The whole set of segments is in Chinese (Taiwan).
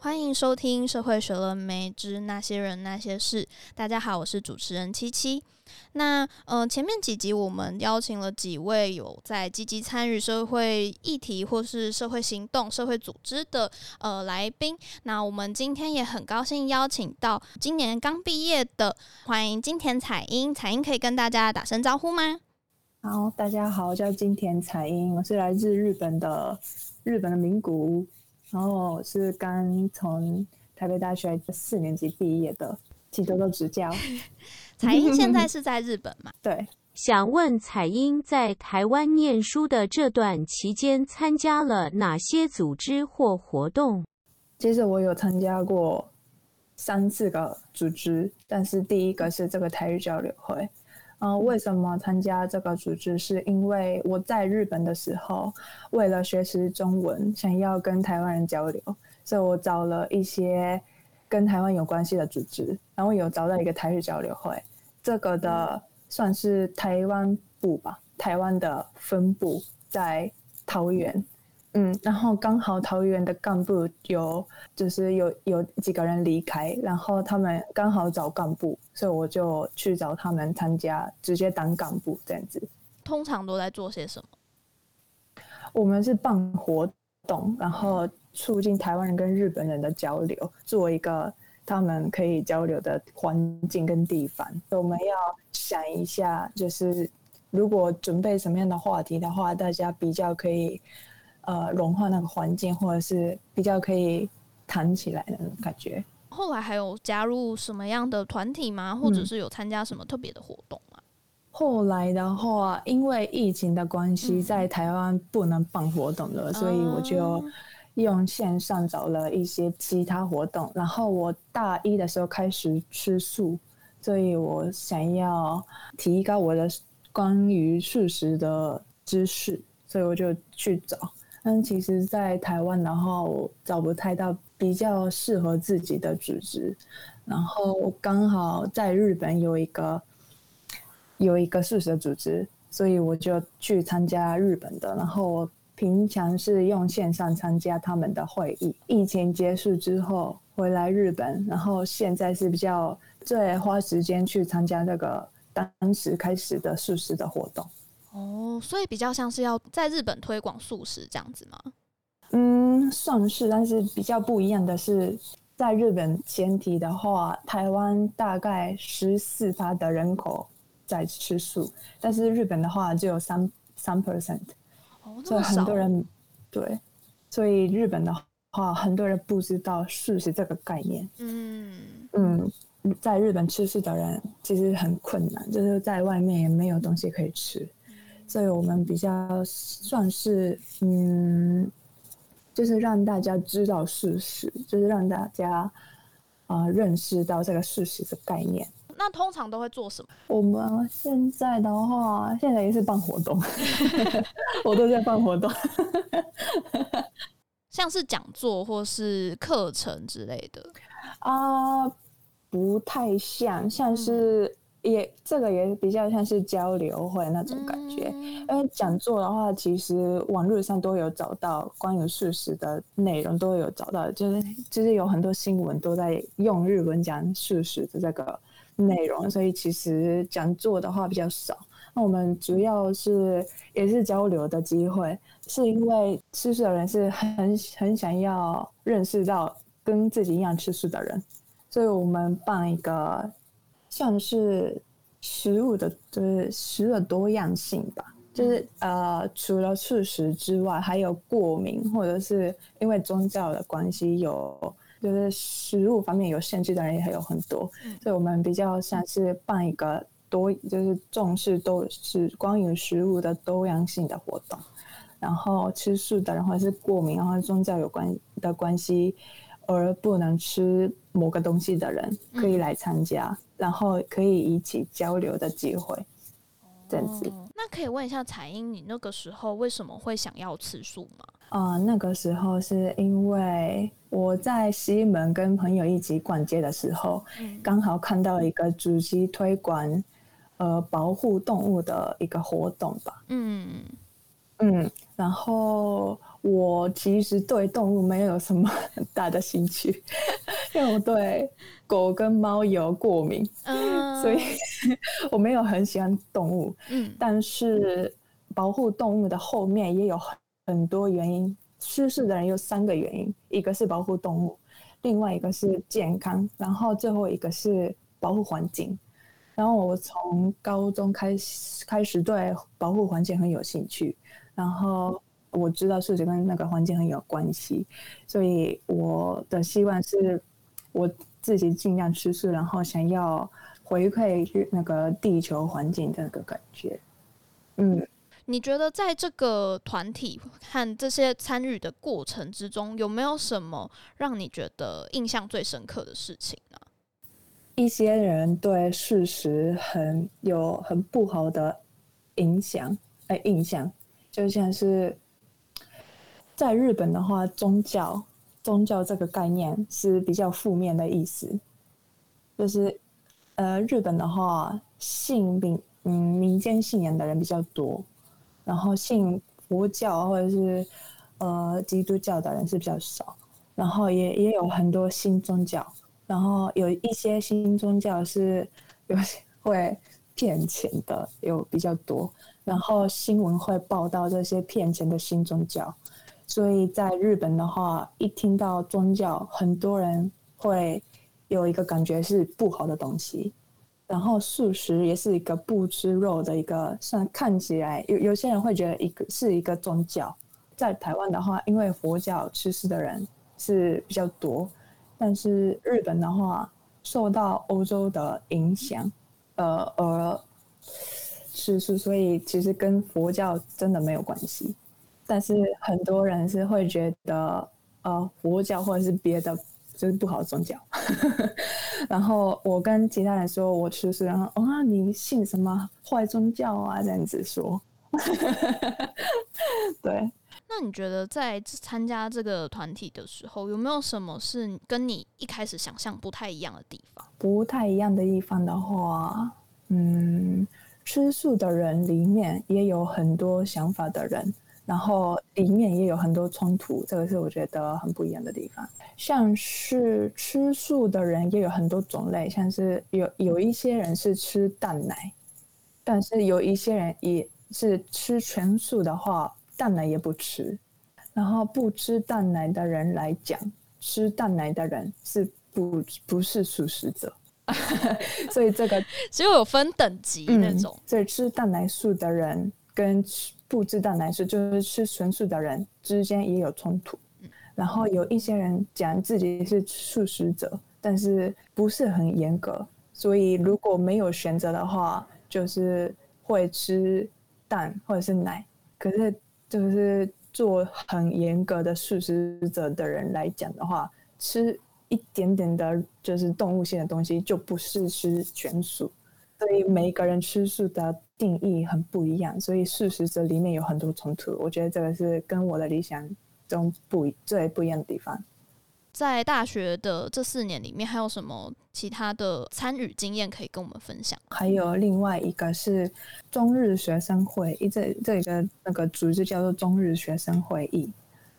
歡迎收聽《社會學了沒之那些人那些事》。大家好，我是主持人七七。那呃，前面幾集我們邀請了幾位有在積極參與社會議題或是社會行動、社會組織的呃來賓。那我們今天也很高興邀請到今年剛畢業的，歡迎金田彩音。彩音可以跟大家打聲招呼嗎？好，大家好，我叫金田彩音，我是來自日本的日本的名古屋。然後我是剛從台北大學四年級畢業的，其中的職教。 彩音現在是在日本嘛？ 對。想問彩音在台灣念書的這段期間，參加了哪些組織或活動？其實我有參加過三四個組織，但是第一個是這個台語交流會。嗯、呃，為什麼參加這個組織？是因為我在日本的時候，為了學習中文，想要跟台灣人交流，所以我找了一些跟台灣有關係的組織，然後我有找到一個台語交流會，這個的算是台灣部吧，台灣的分部在桃園，嗯，然後剛好桃園的幹部有就是有有幾個人離開，然後他們剛好找幹部。所以我就去找他們參加，直接當幹部這樣子。通常都在做些什麼？我們是辦活動，然後促進台灣人跟日本人的交流，嗯、做一個他們可以交流的環境跟地方。我們要想一下，就是如果準備什麼樣的話題的話，大家比較可以，呃，融化那個環境，或者是比較可以談起來的那種感覺。嗯後來還有加入什麼樣的團體嗎？或者是有參加什麼特別的活動嗎，嗯？後來的話，因為疫情的關係，嗯、哼在台灣不能辦活動了，所以我就用線上找了一些其他活動。嗯、然後我大一的時候開始吃素，所以我想要提高我的關於素食的知識，所以我就去找。但其實，在台灣然後找不太到。比較適合自己的組織，然後我剛好在日本有一個有一個素食組織，所以我就去參加日本的。然後我平常是用線上參加他們的會議。疫情結束之後回來日本，然後現在是比較最花時間去參加那個當時開始的素食的活動。哦，所以比較像是要在日本推廣素食這樣子嗎？嗯，算是，但是比較不一樣的是，在日本前提的話，台灣大概十四趴的人口在吃素，但是日本的話只有三三 percent，哦，這麼少，所以很多人對，所以日本的話，很多人不知道素食這個概念。嗯嗯，在日本吃素的人其實很困難，就是在外面也沒有東西可以吃，所以我們比較算是嗯。就是讓大家知道事實，就是讓大家，啊、呃，認識到這個事實的概念。那通常都會做什麼？我們現在的話，現在也是辦活動， 我都在辦活動， 像是講座或是課程之類的。啊、呃，不太像，像是。嗯也這個也比較像是交流會那種感覺，因為講座的話，其實網絡上都有找到關於素食的內容，都有找到，就是就是有很多新聞都在用日文講素食的這個內容，所以其實講座的話比較少。那我們主要是也是交流的機會，是因為吃素的人是很很想要認識到跟自己一樣吃素的人，所以我們辦一個。算是食物的，就是食的多樣性吧。就是呃，除了素食之外，還有過敏，或者是因為宗教的關係，有就是食物方面有限制的人也還有很多。所以我們比較像是辦一個多，就是重視都是關於食物的多樣性的活動。然後吃素的人，或者是過敏，然後宗教有關的關係而不能吃某個東西的人，可以來參加。嗯然後可以一起交流的機會，哦、這樣子。那可以問一下彩音，你那個時候為什麼會想要吃素嗎？啊、呃，那個時候是因為我在西門跟朋友一起逛街的時候，嗯、剛好看到一個組織推廣，呃，保護動物的一個活動吧。嗯嗯，然後我其實對動物沒有什麼很大的興趣。又對狗跟貓有過敏，uh、所以我沒有很喜歡動物。嗯、但是保護動物的後面也有很多原因。素食的人有三個原因，一個是保護動物，另外一個是健康，然後最後一個是保護環境。然後我從高中開始開始對保護環境很有興趣，然後我知道世界跟那個環境很有關係，所以我的希望是。我自己盡量吃素，然後想要回饋那個地球環境的那個感覺。嗯，你覺得在這個團體和這些參與的過程之中，有沒有什麼讓你覺得印象最深刻的事情呢？一些人對事實很有很不好的影響呃印象，就像是在日本的話，宗教。宗教這個概念是比較負面的意思，就是，呃，日本的話，信民嗯民間信仰的人比較多，然後信佛教或者是呃基督教的人是比較少，然後也也有很多新宗教，然後有一些新宗教是有些會騙錢的，有比較多，然後新聞會報道這些騙錢的新宗教。所以在日本的話，一聽到宗教，很多人會有一個感覺是不好的東西。然後素食也是一個不吃肉的一個，算看起來有有些人會覺得一個是一個宗教。在台灣的話，因為佛教吃素的人是比較多，但是日本的話受到歐洲的影響，呃，而素食，所以其實跟佛教真的沒有關係。但是很多人是會覺得，呃，佛教或者是別的就是不好的宗教。 然後我跟其他人說，我吃素，然後、哦、啊，你信什麼壞宗教啊？這樣子說， 對。那你覺得在參加這個團體的時候，有沒有什麼是跟你一開始想象不太一樣的地方？不太一樣的地方的話，嗯，吃素的人裡面也有很多想法的人。然後裡面也有很多衝突，這個是我覺得很不一樣的地方。像是吃素的人也有很多種類，像是有有一些人是吃蛋奶，但是有一些人也是吃全素的話，蛋奶也不吃。然後不吃蛋奶的人來講，吃蛋奶的人是不不是素食者， 所以這個只有有分等級那種。這、嗯、吃蛋奶素的人，跟不吃蛋奶素，就是吃純素的人之間也有衝突，然後有一些人講自己是素食者，但是不是很嚴格，所以如果沒有選擇的話，就是會吃蛋或者是奶。可是就是做很嚴格的素食者的人來講的話，吃一點點的就是動物性的東西就不是吃全素。所以每一個人吃素的定義很不一樣，所以素食者裡面有很多衝突。我覺得這個是跟我的理想中不最不一樣的地方。在大學的這四年裡面，還有什麼其他的參與經驗可以跟我們分享？還有另外一個是中日學生會議，這這個那個組織叫做中日學生會議，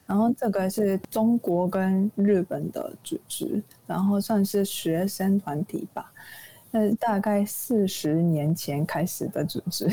然後這個是中國跟日本的組織，然後算是學生團體吧。大概四十年前開始的組織，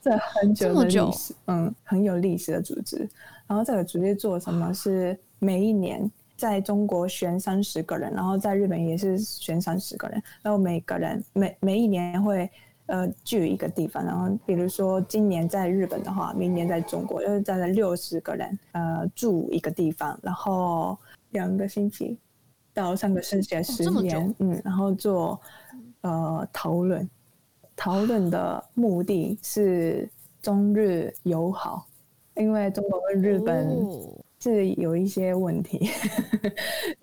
在很久很久，嗯，很有歷史的組織。然後這個組織做什麼？哦、是每一年在中國選三十個人，然後在日本也是選三十個人，然後每個人每每一年會呃聚一個地方。然後比如說今年在日本的話，明年在中國，就是在六十個人，呃，住一個地方，然後兩個星期到三個星期，十年，哦、嗯，然後做。呃，討論，討論的目的是中日友好，因為中國跟日本是有一些問題，哦、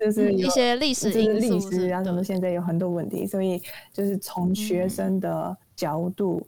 就是有、嗯、一些歷史歷史後什麼，但是現在有很多問題，吧所以就是從學生的角度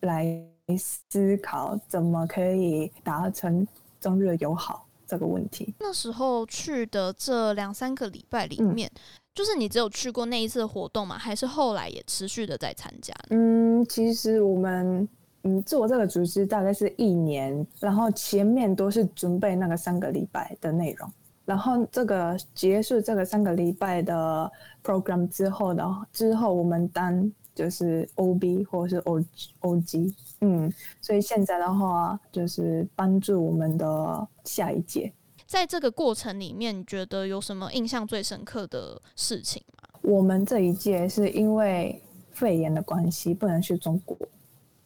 來思考，怎麼可以達成中日友好這個問題。那時候去的這兩三個禮拜裡面。嗯就是你只有去過那一次活動嗎？還是後來也持續的在參加？嗯，其實我們嗯做這個組織大概是一年，然後前面都是準備那個三個禮拜的內容，然後這個結束這個三個禮拜的 program 之後的之後，我們當就是 OB 或是 OG，嗯，所以現在的話就是幫助我們的下一屆。在這個過程裡面，你覺得有什麼印象最深刻的事情嗎？我們這一屆是因為肺炎的關係不能去中國，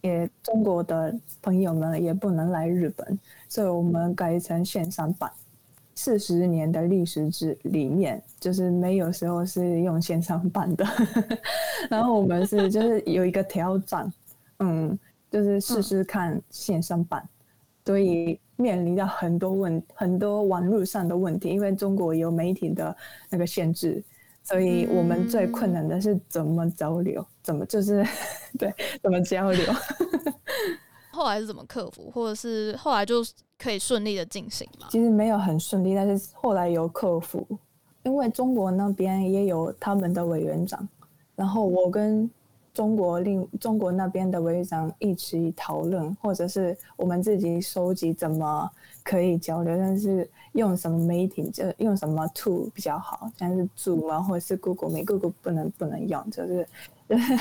也中國的朋友們也不能來日本，所以我們改成線上辦。四十年的歷史之裡面，就是沒有時候是用線上辦的。 然後我們是就是有一個挑戰， 嗯，就是試試看線上辦，嗯、所以。面臨到很多問很多網絡上的問題，因為中國有媒體的那個限制，所以我們最困難的是怎麼交流，怎麼就是，對，怎麼交流。 後來是怎麼克服，或者是後來就可以順利的進行嗎？其實沒有很順利，但是後來有克服，因為中國那邊也有他們的委員長，然後我跟。中國令中國那邊的委員長，一起討論，或者是我們自己收集怎麼可以交流，但是用什麼媒體，就用什麼 tool 比較好，但是 Zoom 啊，或者是 Google Meet，Google 不能不能用，就是、就是、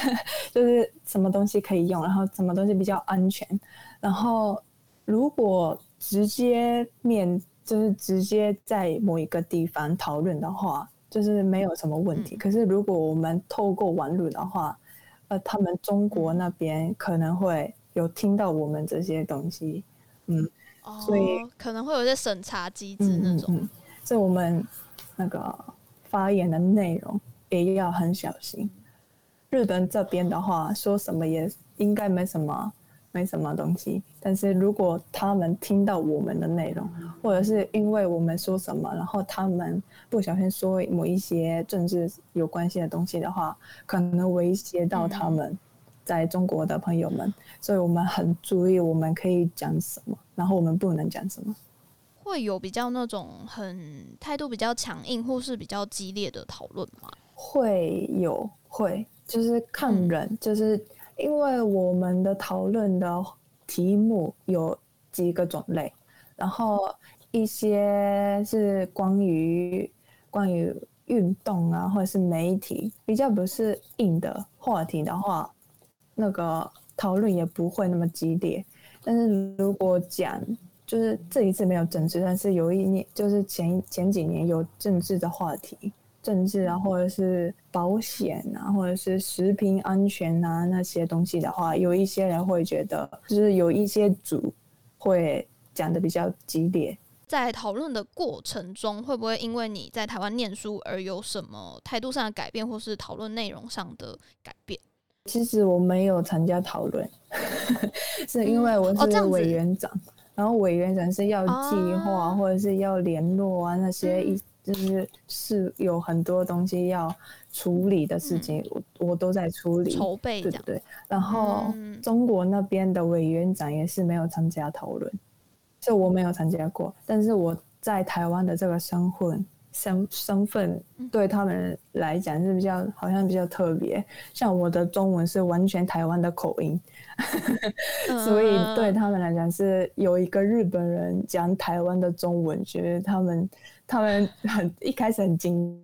就是什麼東西可以用，然後什麼東西比較安全。然後如果直接面就是直接在某一個地方討論的話，就是沒有什麼問題。嗯、可是如果我們透過網路的話，呃，他們中國那邊可能會有聽到我們這些東西，嗯，oh, 所以可能會有些審查機制那種，嗯，嗯嗯，所以我們那個發言的內容也要很小心。日本這邊的話，說什麼也應該沒什麼。沒什麼東西，但是如果他們聽到我們的內容，或者是因為我們說什麼，然後他們不小心說某一些政治有關係的東西的話，可能威脅到他們在中國的朋友們，嗯。所以我們很注意我們可以講什麼，然後我們不能講什麼。會有比較那種很態度比較強硬，或是比較激烈的討論嗎？會有，會，就是看人，嗯。就是。因為我們的討論的題目有幾個種類，然後一些是關於關於運動啊，或者是媒體比較不是硬的話題的話，那個討論也不會那麼激烈。但是如果講就是這一次沒有政治，但是有一年就是前前幾年有政治的話題。政治啊，或者是保險啊，或者是食品安全啊那些東西的話，有一些人會覺得，就是有一些組會講得比較激烈。在討論的過程中，會不會因為你在台灣念書而有什麼態度上的改變，或是討論內容上的改變？其實我沒有參加討論， 是因為我是委員長，嗯哦、然後委員長是要計劃、啊、或者是要聯絡啊那些一。嗯就是是有很多東西要處理的事情，嗯、我我都在處理籌備，對不對，對？然後、嗯、中國那邊的委員長也是沒有參加討論，就我沒有參加過。嗯、但是我在台灣的這個身份身身份對他們來講是比較好像比較特別，像我的中文是完全台灣的口音。 所以對他們來講，是有一個日本人講台灣的中文，覺得他們他們很 一開始很驚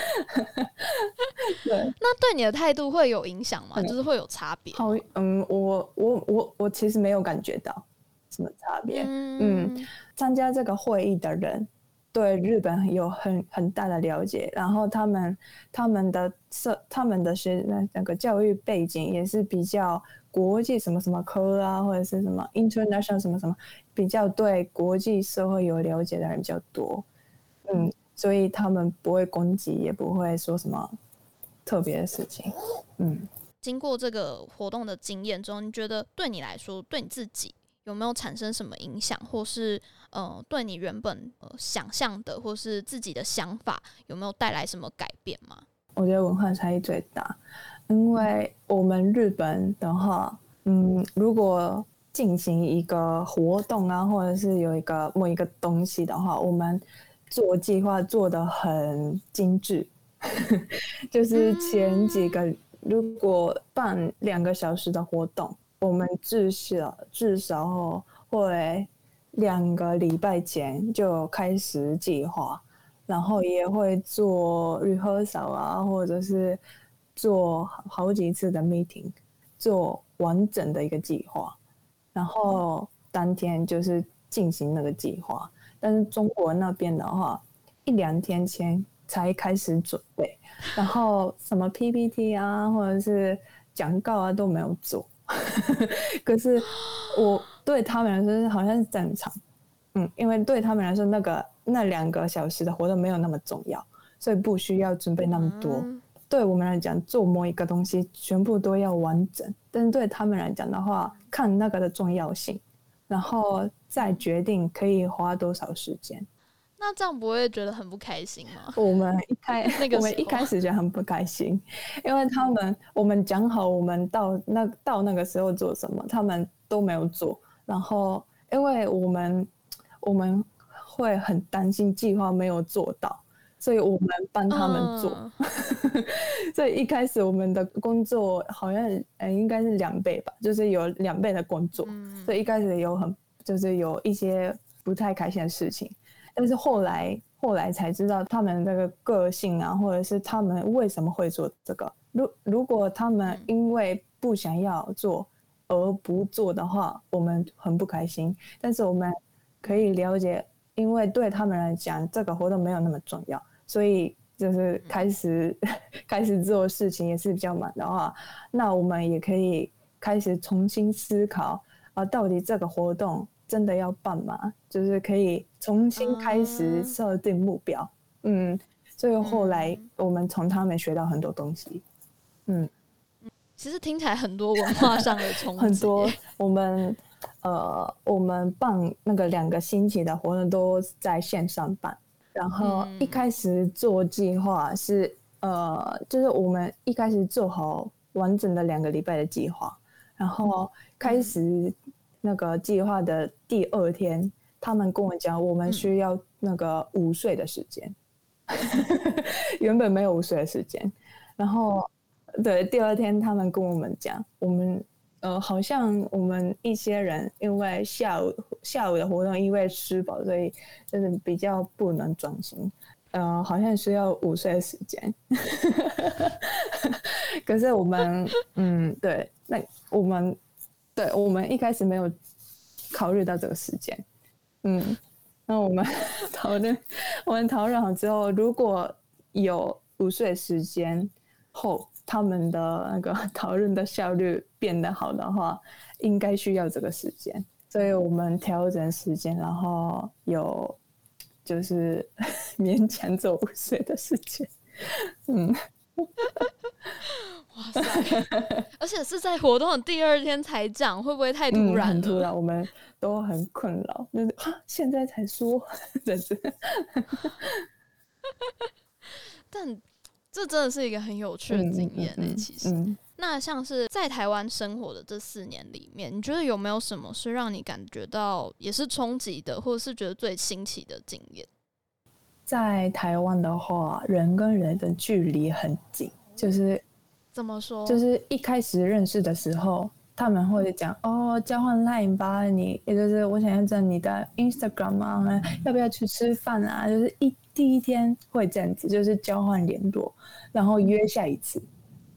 對，那對你的態度會有影響嗎？Okay. 就是會有差別？嗯，oh, um, 我我我我其實沒有感覺到什麼差別。Mm. 嗯，參加這個會議的人。對日本有很很大的了解，然後他們他們的社他們的學那那個教育背景也是比較國際什麼什麼科啊，或者是什麼 international 什麼什麼，比較對國際社會有了解的人比較多，嗯，嗯，所以他們不會攻擊，也不會說什麼特別的事情，嗯。經過這個活動的經驗之後，你覺得對你來說，對你自己有沒有產生什麼影響，或是？呃，對你原本，呃、想象的或是自己的想法，有沒有帶來什麼改變嗎？我覺得文化差異最大，因為我們日本的話，嗯，如果進行一個活動啊，或者是有一個某一個東西的話，我們做計劃做得很精緻， 就是前幾個，如果辦兩個小時的活動，我們至少至少會。兩個禮拜前就開始計劃，然後也會做 rehearsal 啊，或者是做好幾次的 meeting，做完整的一個計劃，然後當天就是進行那個計劃。但是中國那邊的話，一兩天前才開始準備，然後什麼 PPT 啊，或者是講稿啊都沒有做。 可是我。對他們來說是好像是正常，嗯，因為對他們來說那個那兩個小時的活動沒有那麼重要，所以不需要準備那麼多。嗯、對我們來講做某一個東西全部都要完整，但是對他們來講的話，看那個的重要性，然後再決定可以花多少時間。那這樣不會覺得很不開心嗎？我們一開 那個我們一開始就很不開心，因為他們、嗯、我們講好我們到那到那個時候做什麼，他們都沒有做。然後，因為我們我們會很擔心計劃沒有做到，所以我們幫他們做。 所以一開始我們的工作好像嗯、欸、應該是兩倍吧，就是有兩倍的工作。嗯、所以一開始有很就是有一些不太開心的事情，但是後來後來才知道他們這個個性啊，或者是他們為什麼會做這個。如如果他們因為不想要做。而不做的話，我們很不開心。但是我們可以了解，因為對他們來講，這個活動沒有那麼重要，所以就是開始、嗯、開始做事情也是比較忙的話，那我們也可以開始重新思考啊，到底這個活動真的要辦嗎？就是可以重新開始設定目標。嗯，嗯，所以後來我們從他們學到很多東西。嗯。其實聽起來很多文化上的衝突。 很多，我們呃，我們辦那個兩個星期的活動都在線上辦。然後一開始做計劃是呃，就是我們一開始做好完整的兩個禮拜的計劃。然後開始那個計劃的第二天，他們跟我講，我們需要那個午睡的時間。 原本沒有午睡的時間，然後。對，第二天他們跟我們講，我們呃，好像我們一些人因為下午下午的活動，因為吃飽，所以就是比較不能專心，呃，好像需要午睡時間。 可是我們，嗯，對，那我們，對，我們一開始沒有考慮到這個時間，嗯，那我們討論，我們討論好之後，如果有午睡時間後。他們的那個討論的效率變得好的話，應該需要這個時間，所以我們調整時間，然後有就是勉強走午睡的時間。嗯，哇塞， 而且是在活動第二天才講， 會不會太突然？嗯、突然，我們都很困擾，就是啊、現在才說，真是，但。這真的是一個很有趣的經驗，嗯、其實，嗯嗯、那像是在台灣生活的這四年裡面，你覺得有沒有什麼是讓你感覺到也是衝擊的，或者是覺得最新奇的經驗？在台灣的話，人跟人的距離很近，就是、嗯、怎麼說？就是一開始認識的時候。他們會講哦，交換 line 吧，你也就是我想要在你的 Instagram 啊，要不要去吃飯啊？就是一第一天會這樣子，就是交換聯絡，然後約下一次。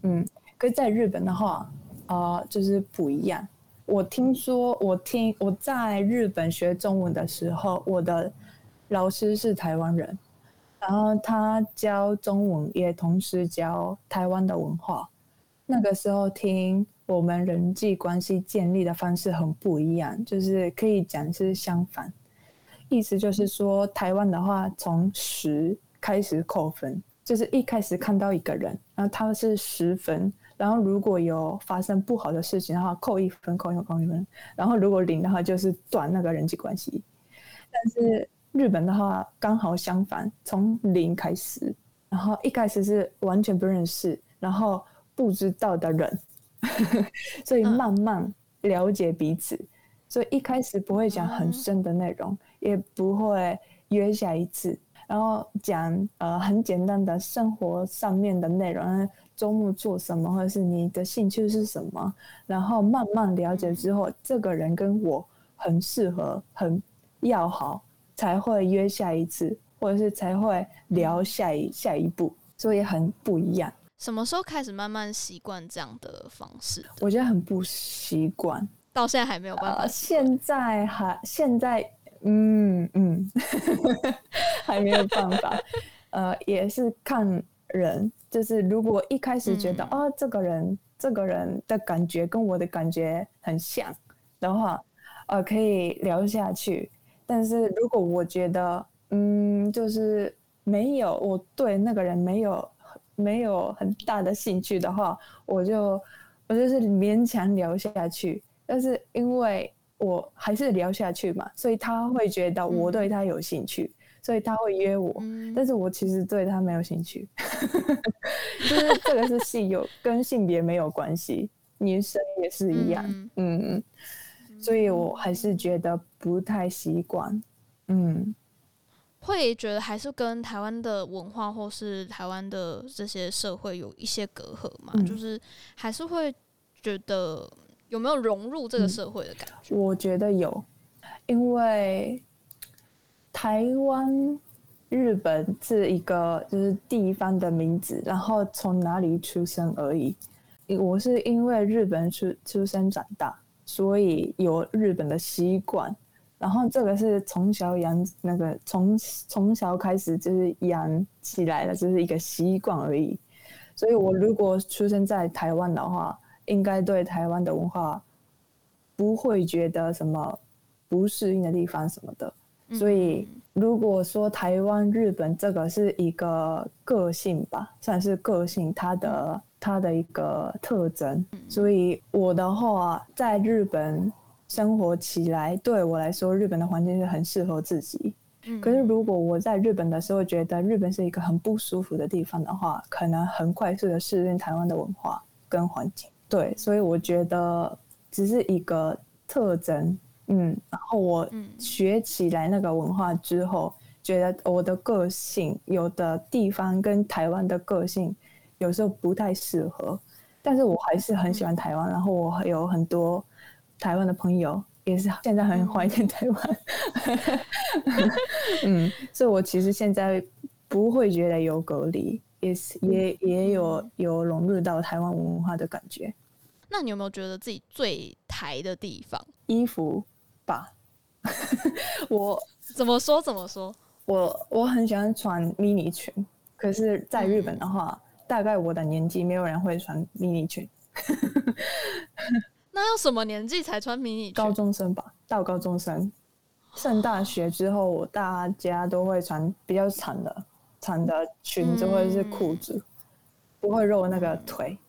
嗯，可在日本的話啊，呃，就是不一樣。我聽說，我聽我在日本學中文的時候，我的老師是台灣人，然後他教中文也同時教台灣的文化。那個時候聽。我們人際關係建立的方式很不一樣，就是可以講是相反，意思就是說，台灣的話從十開始扣分，就是一開始看到一個人，然後他是十分，然後如果有發生不好的事情，然後扣一分，扣一分，扣一分，然後如果零的話就是斷那個人際關係。但是日本的話剛好相反，從零開始，然後一開始是完全不認識，然後不知道的人。 所以慢慢了解彼此，嗯、所以一開始不會講很深的內容，嗯、也不會約下一次，然後講呃很簡單的生活上面的內容，週末做什麼，或者是你的興趣是什麼，然後慢慢了解之後，嗯、這個人跟我很適合，很要好，才會約下一次，或者是才會聊下一、嗯、下一步，所以很不一樣。什麼時候開始慢慢習慣這樣的方式的？我覺得很不習慣，到現在還沒有辦法、呃。現在還現在嗯嗯，嗯 還沒有辦法。 呃，也是看人，就是如果一開始覺得啊、嗯哦，這個人這個人的感覺跟我的感覺很像的話，呃，可以聊下去。但是如果我覺得嗯，就是沒有，我對那個人沒有。沒有很大的興趣的話，我就我就是勉強聊下去。但是因為我還是聊下去嘛，所以他會覺得我對他有興趣，嗯、所以他會約我。嗯、但是我其實對他沒有興趣， 就是這個是性有 跟性別沒有關係，女生也是一樣。嗯，嗯，所以我還是覺得不太習慣。嗯。會覺得還是跟台灣的文化或是台灣的這些社會有一些隔閡嘛，嗯，就是還是會覺得有沒有融入這個社會的感覺？嗯，我覺得有，因為台灣、日本是一個就是地方的名字，然後從哪裡出生而已。我是因為日本出出生長大，所以有日本的習慣。然後這個是從小養那個從從小開始就是養起來的，就是一個習慣而已。所以我如果出生在台灣的話，應該對台灣的文化不會覺得什麼不適應的地方什麼的。所以如果說台灣、日本這個是一個個性吧，算是個性，它的它的一個特徵。所以我的話在日本，生活起來，對我來說，日本的環境是很適合自己。嗯，可是如果我在日本的時候覺得日本是一個很不舒服的地方的話，可能很快速的適應台灣的文化跟環境。對，所以我覺得只是一個特徵。嗯，然後我學起來那個文化之後，嗯，覺得我的個性有的地方跟台灣的個性有時候不太適合，但是我還是很喜歡台灣。嗯，然後我有很多。台灣的朋友也是現在很懷念台灣， 嗯，所以我其實現在不會覺得有隔離，也是也也有有融入到台灣文，文化的感覺。那你有沒有覺得自己最台的地方？衣服吧， 我怎麼說怎麼說，我我很喜歡穿迷你裙，可是在日本的話，嗯，大概我的年紀，沒有人會穿迷你裙。 那要什麼年紀才穿迷你裙？高中生吧，到高中生，上大學之後，大家都會穿比較長的長的裙子或者是褲子，嗯、不會露那個腿。嗯、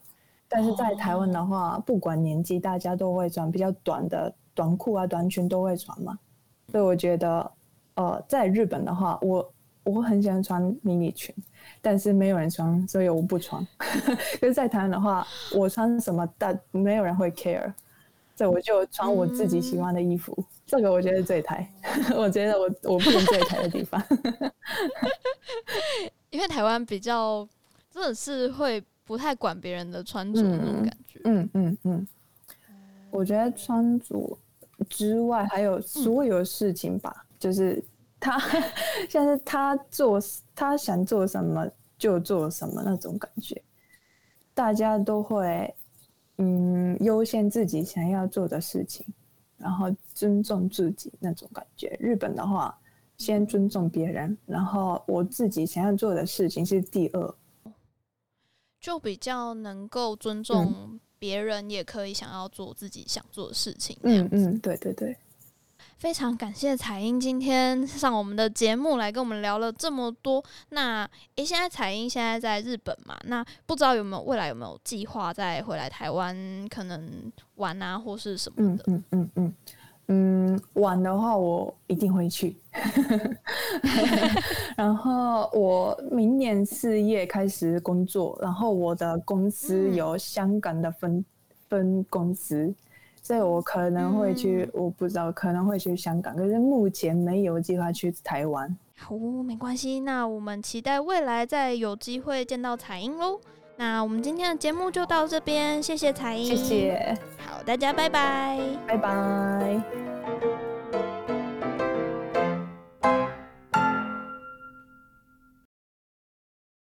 但是在台灣的話，不管年紀，大家都會穿比較短的短褲啊、短裙都會穿嘛。所以我覺得，呃，在日本的話，我。我很喜歡穿迷你裙，但是沒有人穿，所以我不穿。因 為在台灣的話，我穿什麼，但沒有人會 care，所以我就穿我自己喜歡的衣服。嗯、這個我覺得最台， 我覺得我我不能最台的地方， 因為台灣比較真的是會不太管別人的穿着的那種感覺。嗯嗯嗯，我覺得穿着之外還有所有事情吧，嗯、就是。他像是他做他想做什麼就做什麼那種感覺，大家都會嗯優先自己想要做的事情，然後尊重自己那種感覺。日本的話，先尊重別人，然後我自己想要做的事情是第二，就比較能夠尊重別人，也可以想要做自己想做的事情。嗯嗯，對對對。非常感謝彩音今天上我們的節目來跟我們聊了這麼多。那誒、欸，現在彩音現在在日本嘛？那不知道有沒有未來有沒有計劃再回來台灣，可能玩啊或是什麼的？嗯嗯嗯嗯嗯，玩，嗯嗯嗯嗯、的話我一定會去。然後我明年四月開始工作，然後我的公司有香港的分分公司。所以我可能會去，嗯、我不知道，可能會去香港，可是目前沒有計劃去台灣。好，沒關係，那我們期待未來再有機會見到彩音囉。那我們今天的節目就到這邊，謝謝彩音，謝謝，好，大家拜拜，拜拜。